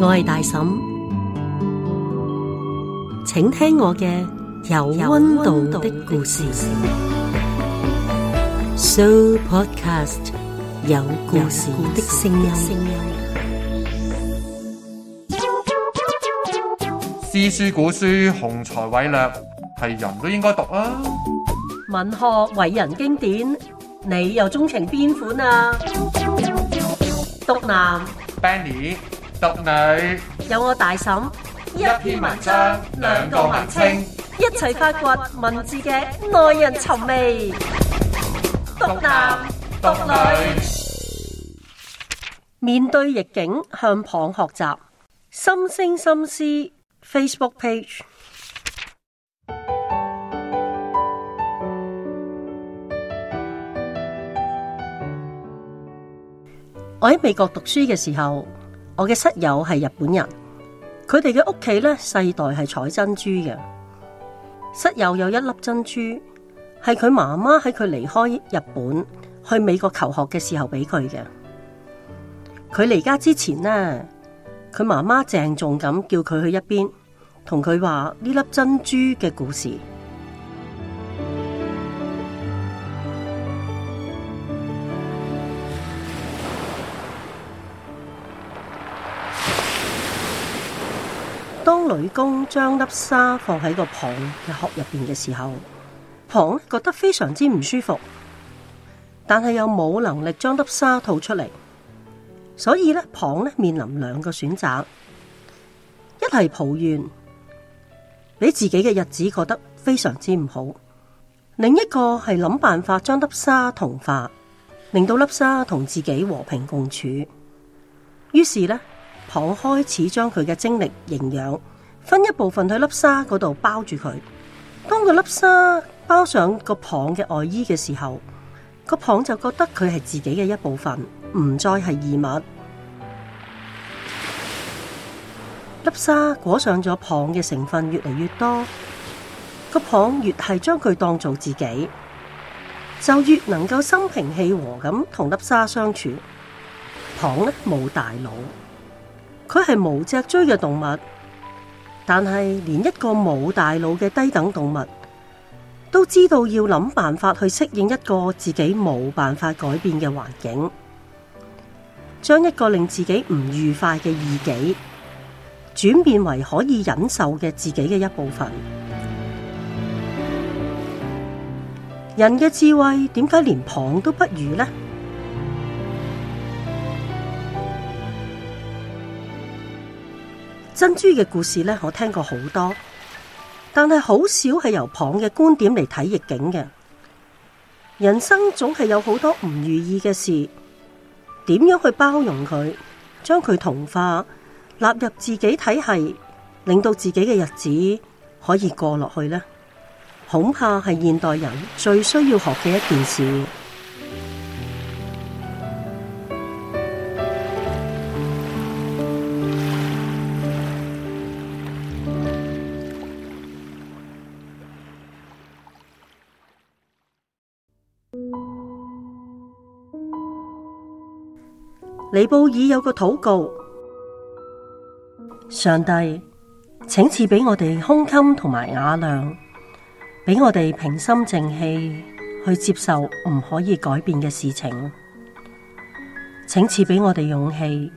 我係大嬸，請聽我嘅有温度的故事。So podcast 有故事的聲音。詩書古書，雄才偉略係人都應該讀啊！文學偉人經典，你又鐘情邊款啊？讀男，Benny。讀女有我大嬸，一篇文章兩個文稱，一齊發掘文字嘅耐人尋味。讀男讀女,女，面對逆境向旁學習，心聲心思。Facebook page，我喺美國讀書嘅時候。我嘅室友係日本人，佢哋嘅屋企咧，世代係採珍珠嘅。室友有一粒珍珠，係佢媽媽喺佢離開日本去美國求學嘅時候俾佢嘅。佢離家之前咧，佢媽媽鄭重咁叫佢去一邊，同佢話呢粒珍珠嘅故事。女工將粒沙放喺個蚌嘅殼入邊嘅時候，蚌覺得非常之唔舒服，但係又冇能力將粒沙吐出嚟，所以咧蚌咧面臨兩個選擇：一係抱怨，俾自己嘅日子覺得非常之唔好；另一個係諗辦法將粒沙同化，令到粒沙同自己和平共處。於是呢，蚌開始將佢嘅精力營養。分一部分去粒沙嗰度包住佢，當個粒沙包上個蚌嘅外衣嘅時候，個蚌就覺得佢係自己嘅一部分，唔再係異物。粒沙裹上咗蚌嘅成分越嚟越多，個蚌越係將佢當做自己，就越能夠心平氣和咁同粒沙相處。蚌咧冇大腦，佢係無脊椎嘅動物。但係，連一個冇大腦嘅低等動物，都知道要諗辦法去適應一個自己冇辦法改變嘅環境，將一個令自己唔愉快嘅異己，轉變為可以忍受嘅自己嘅一部分。人嘅智慧點解連蚌都不如呢？珍珠嘅故事呢，我聽過好多，但係好少係由蚌嘅觀點嚟睇逆境嘅。人生總係有好多唔如意嘅事，點樣去包容佢，將佢同化，納入自己體系，令到自己嘅日子可以過落去呢？恐怕係現代人最需要學嘅一件事。尼布爾有個禱告：上帝，請賜俾我哋胸襟同埋雅量，俾我哋平心靜氣去接受唔可以改變嘅事情；請賜俾我哋勇氣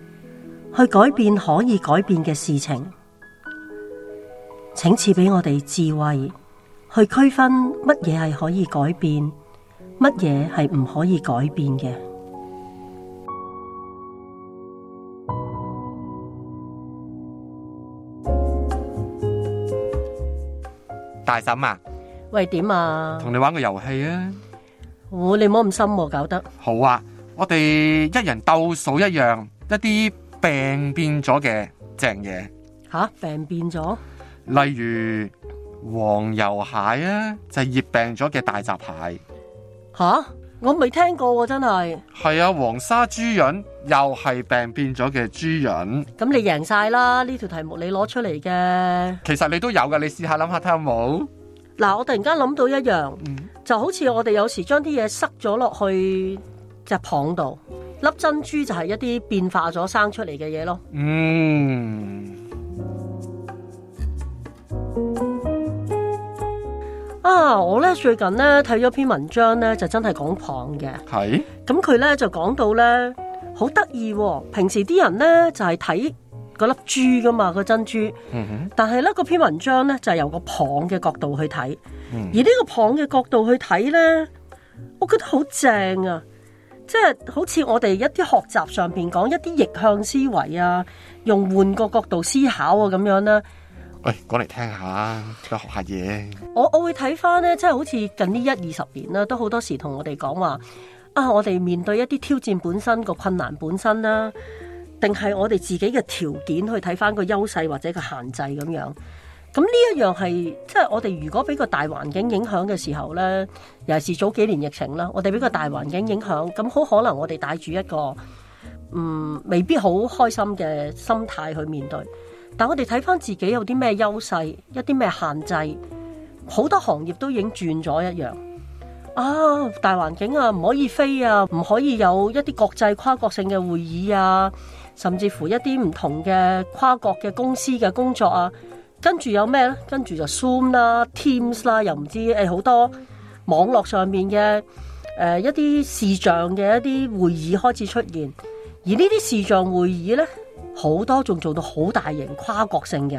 去改變可以改變嘅事情；請賜俾我哋智慧去區分乜嘢係可以改變，乜嘢係唔可以改變嘅。大嬸啊，喂，點啊？同你玩個遊戲啊！我、哦、你唔好咁深，搞得好啊！我哋一人鬥數一樣，一啲病變咗嘅正嘢吓，病變咗，例如黃油蟹啊，就係、是、熱病咗嘅大閘蟹吓。我未聽過，真係係啊！黃沙豬潤又係病變咗嘅豬潤。咁、嗯、你贏晒啦！呢條題目你攞出嚟嘅，其實你都有嘅。你試下諗下睇有冇？嗱，我突然間諗到一樣，嗯、就好似我哋有時將啲嘢塞咗落去隻蚌度，粒珍珠就係一啲變化咗生出嚟嘅嘢咯。嗯。啊！我咧最近咧睇咗篇文章咧，就真係講蚌嘅。係。咁佢咧就講到咧，好得意。平時啲人咧就係睇嗰粒珠噶嘛，個珍珠。嗯哼。但係咧，嗰篇文章咧就係由個蚌嘅角度去睇。嗯。而呢個蚌嘅角度去睇咧，我覺得好正啊！即係好似我哋一啲學習上邊講一啲逆向思維啊，用換個角度思考啊，咁樣啦。喂、哎，講嚟聽下，聽一下，再學下嘢。我我會睇翻呢，即係好似近呢一二十年啦，都好多時同我哋講話啊！我哋面對一啲挑戰本身、個困難本身啦，定係我哋自己嘅條件去睇翻個優勢或者個限制咁樣是。咁呢一樣係即係我哋如果俾個大環境影響嘅時候呢，尤其是早幾年疫情啦，我哋俾個大環境影響，咁好可能我哋帶住一個嗯未必好開心嘅心態去面對。但我哋睇翻自己有啲咩優勢，一啲咩限制，好多行業都已經轉咗一樣。啊，大環境啊，唔可以飛啊，唔可以有一啲國際跨國性嘅會議啊，甚至乎一啲唔同嘅跨國嘅公司嘅工作啊，跟住有咩呢？跟住就 Zoom 啦、啊、Teams 啦、啊，又唔知誒好、哎、多網絡上面嘅誒、呃、一啲視像嘅一啲會議開始出現，而呢啲視像會議呢。好多仲做到好大型跨國性嘅，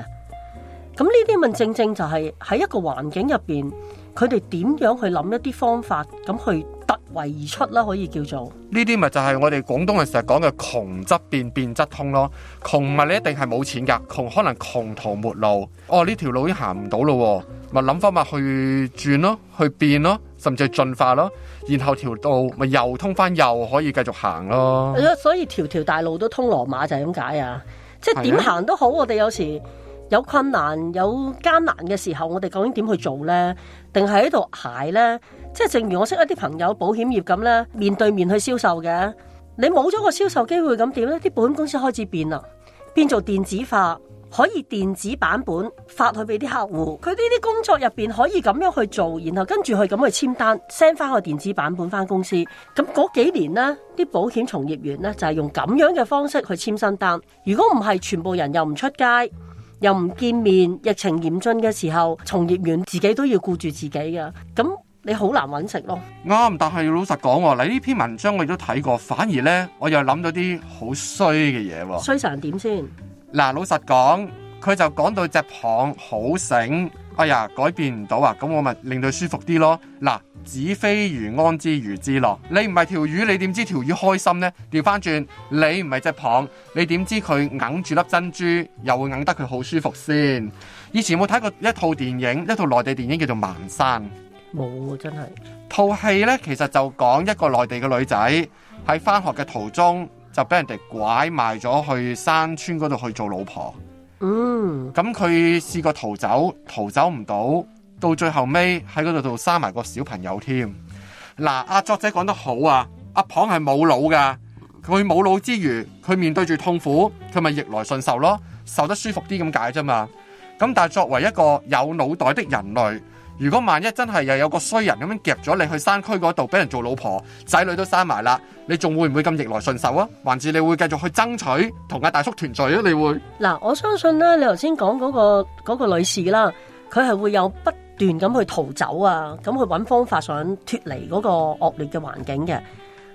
咁呢啲咪正正就係喺一個環境入邊，佢哋點樣去諗一啲方法，咁去突圍而出啦，可以叫做呢啲咪就係我哋廣東人成日講嘅窮則變，變則通咯。窮咪你一定係冇錢㗎，窮可能窮途末路，哦呢條路已經行唔到咯，咪諗翻咪去轉咯，去變咯。甚至係進化咯，然後條道咪又通返，又可以繼續行咯。所以條條大路都通羅馬就係咁解啊！即係點行都好，我哋有時有困難、有艱難嘅時候，我哋究竟點去做呢？定係喺度挨呢？即係正如我識一啲朋友保險業咁呢，面對面去銷售嘅，你冇咗個銷售機會咁點咧？啲保險公司開始變啦，變做電子化。可以電子版本發去俾啲客戶，佢呢啲工作入邊可以咁樣去做，然後跟住去咁去簽單，send 翻個電子版本翻公司。咁嗰幾年呢啲保險從業員呢，就係用咁樣嘅方式去簽新單。如果唔係，全部人又唔出街，又唔見面，疫情嚴峻嘅時候，從業員自己都要顧住自己嘅，咁你好難搵食咯。啱，但係要老實講，你呢篇文章我亦都睇過，反而呢，我又諗到啲好衰嘅嘢。衰成點先？嗱，老實講，佢就講到隻蚌好醒，哎呀，改變唔到啊，咁我咪令佢舒服啲咯。嗱，子非魚安知魚之樂？你唔係條魚，你點知條魚開心咧？調翻轉，你唔係隻蚌，你點知佢硬住粒珍珠又會硬得佢好舒服先？以前有冇睇過一套電影，一套內地電影叫做《盲山》？冇，真係。套戲咧，其實就講一個內地嘅女仔喺翻學嘅途中。就俾人哋拐賣咗去山村嗰度去做老婆，嗯，咁佢試過逃走，逃走唔到，到最後尾喺嗰度度生埋個小朋友添。嗱、啊，阿作者講得好啊，阿龐係冇腦噶，佢冇腦之餘，佢面對住痛苦，佢咪逆來順受咯，受得舒服啲咁解啫嘛。咁但係作為一個有腦袋的人類。如果萬一真係又有個衰人咁樣夾咗你去山區嗰度俾人做老婆，仔女都生埋啦，你仲會唔會咁逆來順受啊？還是你會繼續去爭取同阿大叔團聚啊？你會？嗱，我相信咧，你頭先講嗰個、嗰個女士啦，佢係會有不斷咁去逃走啊，咁去搵方法想脫離嗰個惡劣嘅環境嘅。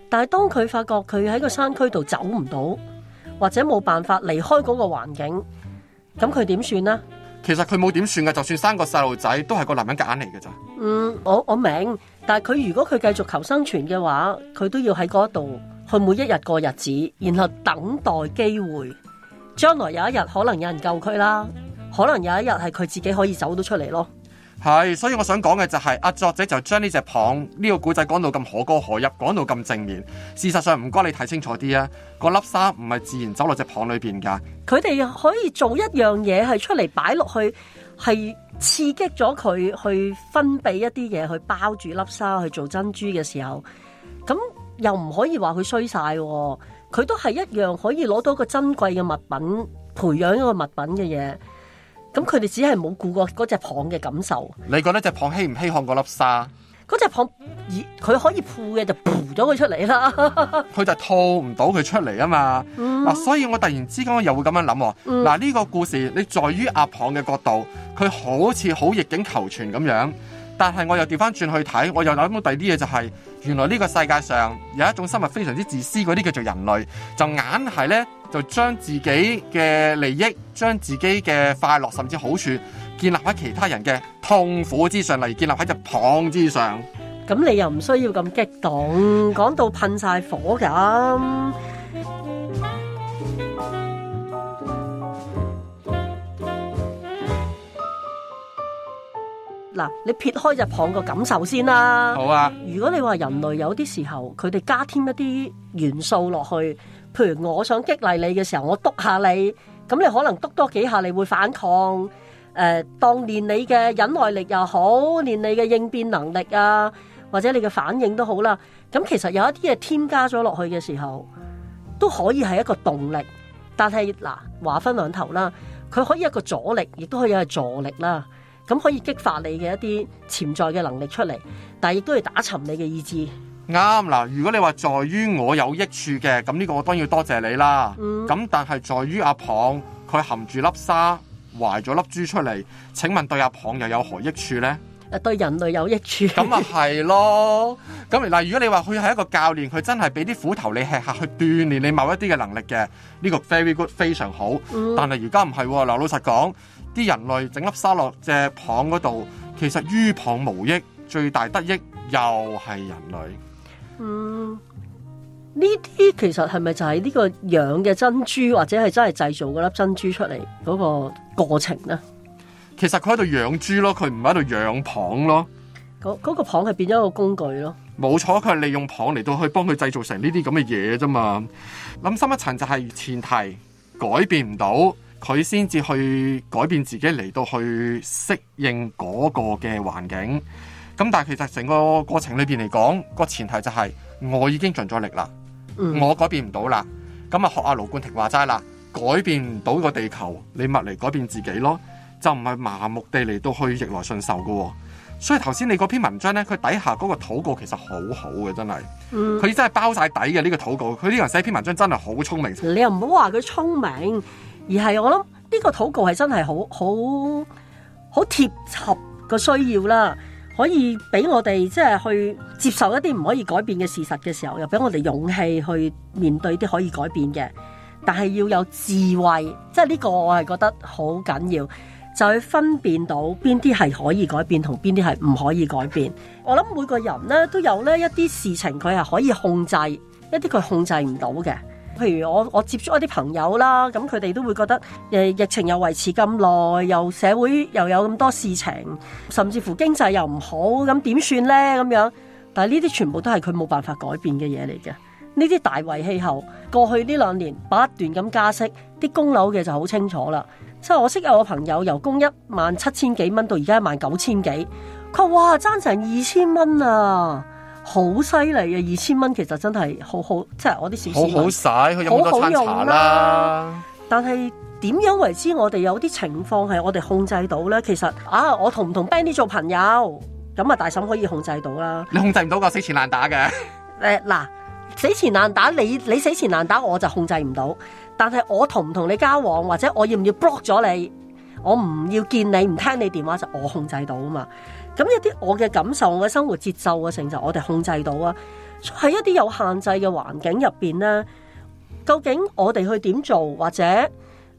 但係當佢發覺佢喺個山區度走唔到，或者冇辦法離開嗰個環境，咁佢點算呢？其實佢冇點算嘅，就算生個細路仔都係個男人夾硬嚟嘅咋。嗯，我我明白，但係佢如果佢繼續求生存嘅話，佢都要喺嗰度去每一日過日子，然後等待機會，將來有一日可能有人救佢啦，可能有一日係佢自己可以走到出嚟咯。係，所以我想講嘅就係、是、阿作者就將呢隻蚌呢個古仔講到咁可歌可泣，講到咁正面。事實上唔該你睇清楚啲啊，個粒沙唔係自然走落隻蚌裏邊噶。佢哋可以做一樣嘢，係出嚟擺落去，係刺激咗佢去分泌一啲嘢去包住粒沙去做珍珠嘅時候，咁又唔可以話佢衰晒，佢都係一樣可以攞到一個珍貴嘅物品，培養一個物品嘅嘢。咁佢哋只係冇顧過嗰隻蚌嘅感受。你覺得隻蚌稀唔稀罕嗰粒沙？嗰隻蚌，以佢可以吐嘅就吐咗佢出嚟啦。佢 就套唔到佢出嚟啊嘛。嗱、嗯啊，所以我突然之間又會咁樣諗、啊。嗱、嗯、呢、啊，這個故事你在於阿蚌嘅角度，佢好似好逆境求存咁樣。但係我又調翻轉去睇，我又諗到第二啲嘢就係、是，原來呢個世界上有一種生物非常之自私的，嗰啲叫做人類，就硬係呢，就將自己嘅利益、將自己嘅快樂甚至好處建立喺其他人嘅痛苦之上，嚟建立喺只龐之上。咁你又唔需要咁激動，講到噴晒火咁。嗱，你撇開入行個感受先啦，啊。好啊。如果你話人類有啲時候佢哋加添一啲元素落去，譬如我想激勵你嘅時候，我督下你，咁你可能督多幾下你會反抗。誒，呃，當練你嘅忍耐力又好，練你嘅應變能力啊，或者你嘅反應都好啦。咁其實有一啲嘢添加咗落去嘅時候，都可以係一個動力。但係嗱，話分兩頭啦，佢可以一個阻力，亦都可以係助力啦。咁可以激發你嘅一啲潛在嘅能力出嚟，但係亦都要打沉你嘅意志。啱嗱，如果你話在於我有益處嘅，咁呢個我當然要多謝，謝你啦。咁、嗯、但係在於阿蚌，佢含住粒沙，懷咗粒珠出嚟。請問對阿蚌又有何益處呢、啊？對人類有益處。咁咪係咯。咁嗱，如果你話佢係一個教練，佢真係俾啲苦頭你吃下，去鍛煉你某一啲嘅能力嘅，呢、這個 very good 非常好。嗯、但係而家唔係，嗱老實講。啲人類整粒沙落隻蚌嗰度，其實於蚌無益，最大得益又係人類。嗯，呢啲其實係咪就係呢個養嘅珍珠，或者係真係製造嗰粒珍珠出嚟嗰個過程呢？其實佢喺度養珠咯，佢唔係喺度養蚌咯。嗰嗰、嗰個蚌係變咗個工具咯。冇錯，佢係利用蚌嚟到去幫佢製造成呢啲咁嘅嘢啫嘛。諗深一層就係前提，改變唔到，佢先至去改變自己嚟到去適應嗰個嘅環境。咁但係其實成個過程裏邊嚟講，個前提就係我已經盡咗力啦，嗯，我改變唔到啦。咁啊學阿盧冠廷話齋啦，改變唔到個地球，你咪嚟改變自己咯。就唔係麻木地嚟到去逆來順受嘅。所以頭先你嗰篇文章呢，佢底下嗰個禱告其實好好嘅，真係佢，嗯、真係包晒底嘅呢個禱告。佢呢個人寫篇文章真係好聰明。你又唔好話佢聰明。而係我諗呢個禱告係真係好好好貼合個需要啦，可以俾我哋即係去接受一啲唔可以改變嘅事實嘅時候，又俾我哋勇氣去面對啲可以改變嘅，但係要有智慧，即係呢個我係覺得好緊要，就去分辨到邊啲係可以改變同邊啲係唔可以改變。我諗每個人呢都有呢一啲事情佢係可以控制，一啲佢控制唔到嘅。譬如我我接觸一啲朋友啦，咁佢哋都會覺得誒，疫情又維持咁耐，又社會又有咁多事情，甚至乎經濟又唔好，咁點算呢？咁樣，但係呢啲全部都係佢冇辦法改變嘅嘢嚟嘅。呢啲大圍氣候，過去呢兩年不斷咁加息，啲供樓嘅就好清楚啦。即係我識有個朋友由供一萬七千幾蚊到而家一萬九千幾，佢話爭成二千蚊啊！好犀利啊，二千蚊，其實真係好好，即係我啲小好好使，好好用啦、啊。但係點樣為之？我哋有啲情況係我哋控制到咧。其實啊，我同唔同 Benny 做朋友，咁啊，大嬸可以控制到啦。你控制唔到個死纏爛打嘅、 呃。誒，嗱，死纏爛打，你你死纏爛打，我就控制唔到。但係我同唔同你交往，或者我要唔要 block 咗你，我唔要見你，唔聽你電話，就我控制到啊嘛。咁一啲我嘅感受，我嘅生活節奏嘅成就，我哋控制到啊！喺一啲有限制嘅環境入邊咧，究竟我哋去點做，或者、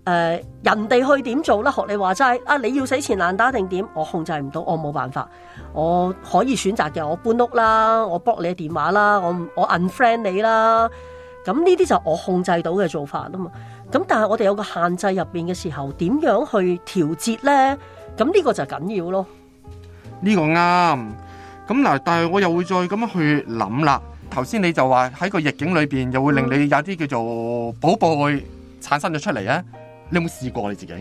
呃、人哋去點做啦？學你話齋啊，你要死纏爛打定點？我控制唔到，我冇辦法。我可以選擇嘅，我搬屋啦，我 block 你嘅電話啦，我我 unfriend 你啦。咁呢啲就我控制到嘅做法啊嘛。咁但係我哋有個限制入邊嘅時候，點樣去調節咧？咁呢個就緊要咯。呢、這個啱，咁嗱，但係我又會再咁樣去諗啦。頭先你就話喺個逆境裏邊，又會令你有啲叫做寶貝產生咗出嚟啊？你有冇試過你自己？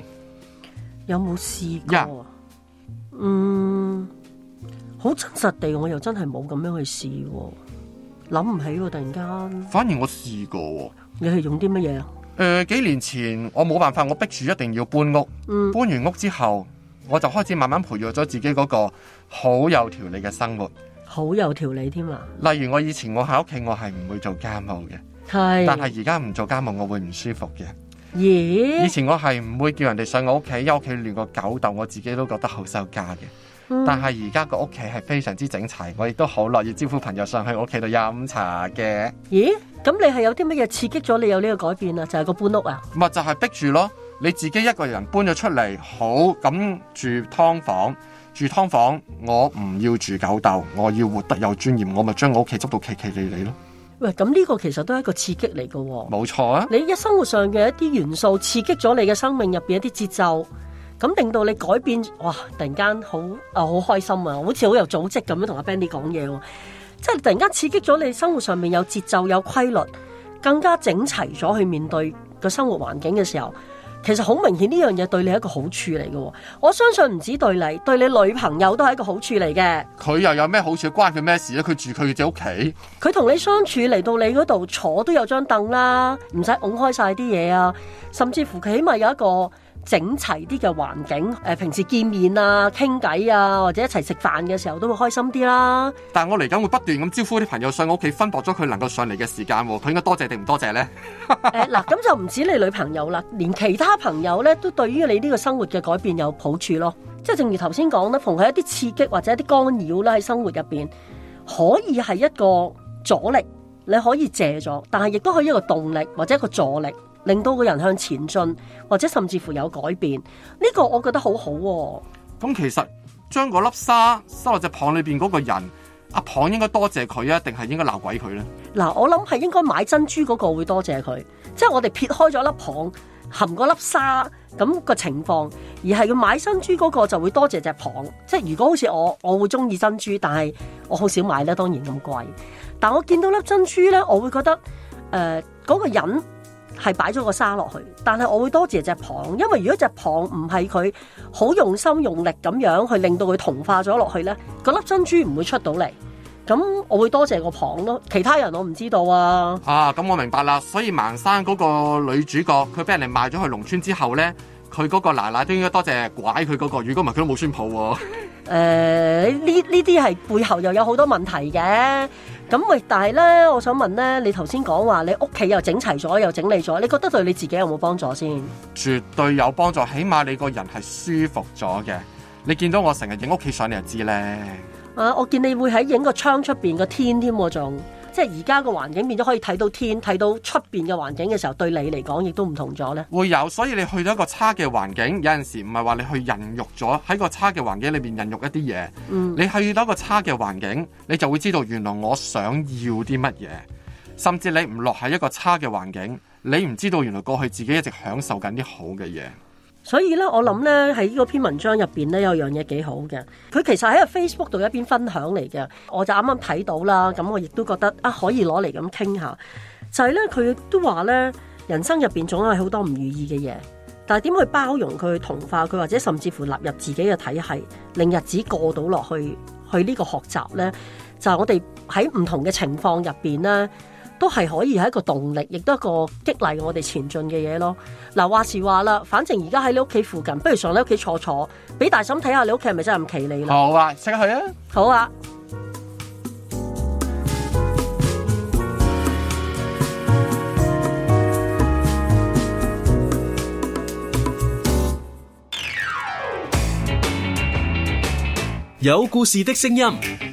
有冇有試過？Yeah. 嗯，好真實地，我又真係冇咁樣去試過，諗唔起喎、啊！突然間，反而我試過，你係用啲乜嘢？誒、呃，幾年前我冇辦法，我逼住一定要搬屋、嗯，搬完屋之後。我就開始慢慢培育咗自己嗰個好有條理嘅生活，好有條理添啊！例如我以前我喺屋企我係唔會做家務嘅，係，但係而家唔做家務我會唔舒服嘅。咦？以前我係唔會叫人哋上我屋企，因屋企亂個狗竇，我自己都覺得好收家嘅、嗯。但係而家個屋企係非常之整齊，我亦都好樂意招呼朋友上去我屋企度飲茶嘅。咦？咁你係有啲乜嘢刺激咗你有呢個改變啊？就係、是、個搬屋啊？咪，就係、是、逼住咯。你自己一個人搬咗出嚟，好咁住劏房，住劏房，我唔要住狗竇，我要活得有尊嚴，我咪將我屋企執到奇奇離離咯。喂，咁呢個其實都係一個刺激嚟嘅喎。冇錯啊，你嘅生活上嘅一啲元素刺激咗你嘅生命入邊一啲節奏，咁令到你改變，哇！突然間好啊，好開心啊，好似好有組織咁樣同阿 Benny 講嘢喎，即係突然間刺激咗你生活上面有節奏、有規律，更加整齊咗去面對個生活環境嘅時候。其實好明顯呢樣嘢對你係一個好處嚟嘅，哦，我相信唔止對你，對你女朋友都係一個好處嚟嘅。佢又有咩好處？關佢咩事咧？佢住佢自己屋企，佢同你相處，嚟到你嗰度坐都有張凳啦，唔使拱開晒啲嘢啊，甚至乎佢起碼有一個。整齊啲嘅環境，誒，平時見面啊、傾偈啊，或者一齊食飯嘅時候都會開心啲啦。但係我嚟緊會不斷咁招呼啲朋友上我屋企，分薄咗佢能夠上嚟嘅時間，佢應該多謝定唔多謝呢？嗱、 欸，咁就唔止你女朋友啦，連其他朋友呢都對於你呢個生活嘅改變有好處咯。即係正如頭先講咧，逢喺一啲刺激或者一啲干擾啦，喺生活入邊可以係一個阻力，你可以借助，但係亦都可以一個動力或者一個助力。令到個人向前進，或者甚至乎有改變，呢個我覺得好好啊。咁其實將嗰粒沙收落隻蚌裏邊嗰個人，阿蚌應該多謝佢啊，定係應該鬧鬼佢呢？嗱，我諗係應該買珍珠嗰個會多謝佢，即係我哋撇開咗粒蚌含個粒沙咁個情況，而係要買珍珠嗰個就會多謝隻蚌。即係如果好似我，我會中意珍珠，但係我好少買咧，當然咁貴。但我見到粒珍珠呢，我會覺得誒嗰個人。係擺咗個沙落去，但係我會多謝隻蚌，因為如果隻蚌唔係佢好用心用力咁樣去令到佢同化咗落去咧，嗰粒珍珠唔會出到嚟。咁我會多謝個蚌咯，其他人我唔知道啊。啊，咁我明白啦。所以盲山嗰個女主角，佢俾人哋賣咗去農村之後咧，佢嗰個奶奶都應該多謝拐佢嗰、嗰個，如果唔係佢都冇孫抱。誒、呃，呢呢啲係背後又有好多問題嘅。咁喂，但係咧，我想問咧，你頭先講話你屋企又整齊咗，又整理咗，你覺得對你自己有冇幫助先？絕對有幫助，起碼你個人係舒服咗嘅。你見到我成日影屋企相，你就知咧。啊，我見你會喺影個窗出邊個天添，仲。即係而家個環境變咗，可以睇到天、睇到出邊嘅環境嘅時候，對你嚟講亦都唔同咗呢？會有，所以你去到一個差嘅環境，有陣時唔係話你去孕育咗喺個差嘅環境裏面孕育一啲嘢。嗯。你去到一個差嘅環境，你就會知道原來我想要啲乜嘢。甚至你唔落喺一個差嘅環境，你唔知道原來過去自己一直享受緊啲好嘅嘢。所以咧，我諗咧喺呢篇文章入邊咧有樣嘢幾好嘅，佢其實喺個 Facebook 度一邊分享嚟嘅，我就啱啱睇到啦。咁我亦都覺得啊，可以攞嚟咁傾下。就係咧，佢都話咧，人生入邊總有好多唔如意嘅嘢，但係點去包容佢、同化佢，或者甚至乎納入自己嘅體系，令日子過到落去，去呢個學習咧，就係我哋喺唔同嘅情況入邊咧。都係可以係一個動力，亦都係一個激勵我哋前進嘅嘢咯。嗱、啊，話時話啦，反正而家喺你屋企附近，不如上你屋企坐坐，俾大嬸睇下你屋企係咪真係咁奇離啦。好啊，即刻去啊！好啊。有故事的聲音。